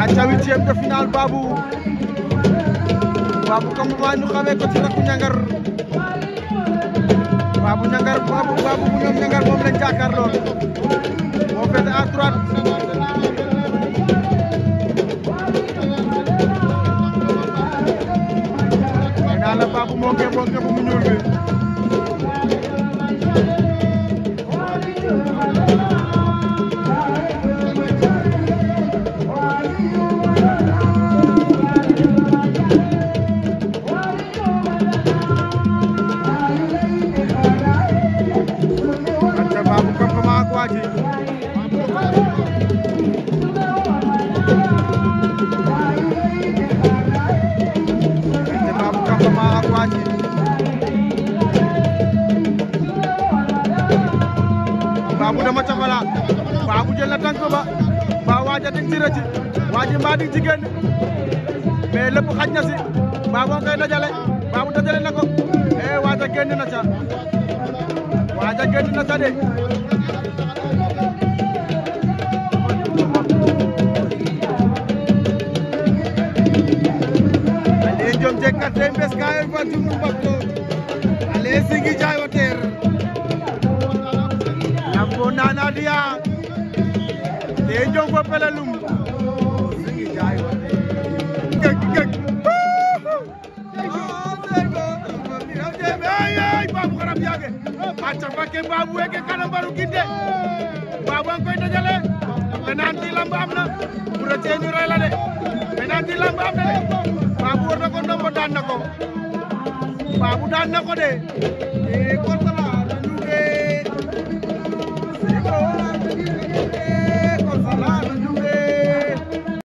aca huitième de finale Babou Babou comme ma ñu xamee ko ci rakku ñangar Babou ñangar Babou Babou bu ñoom ñangar moom lañ jàkkaar lool moo féete à droite naa la Babou moo ngi moo ngi Mbacké diggante Babou Camphama ak Wathie Babou dama cafala Babou jël na tànk ba mbaa Wathie di nga ci rëcc Wathie mbaa di nga ci génn mais lépp xaj na si Babou koy dajale Babou dajale na ko eh Wathie génn na ca Wathie génn na ca de jonte katte mbes ka en fa tumul bakko ale singi jayo ter lambo nana dia te jongo pelalum singi jayo gek gek babu xaram yage aca fake babu weke kana mbaru kinde babu an koy dajale penanti lamb am na bu rëccee ñu rey la de penanti lamb am na de Babou war na ko ndombo daan na ko Babou daan na ko de. Eh,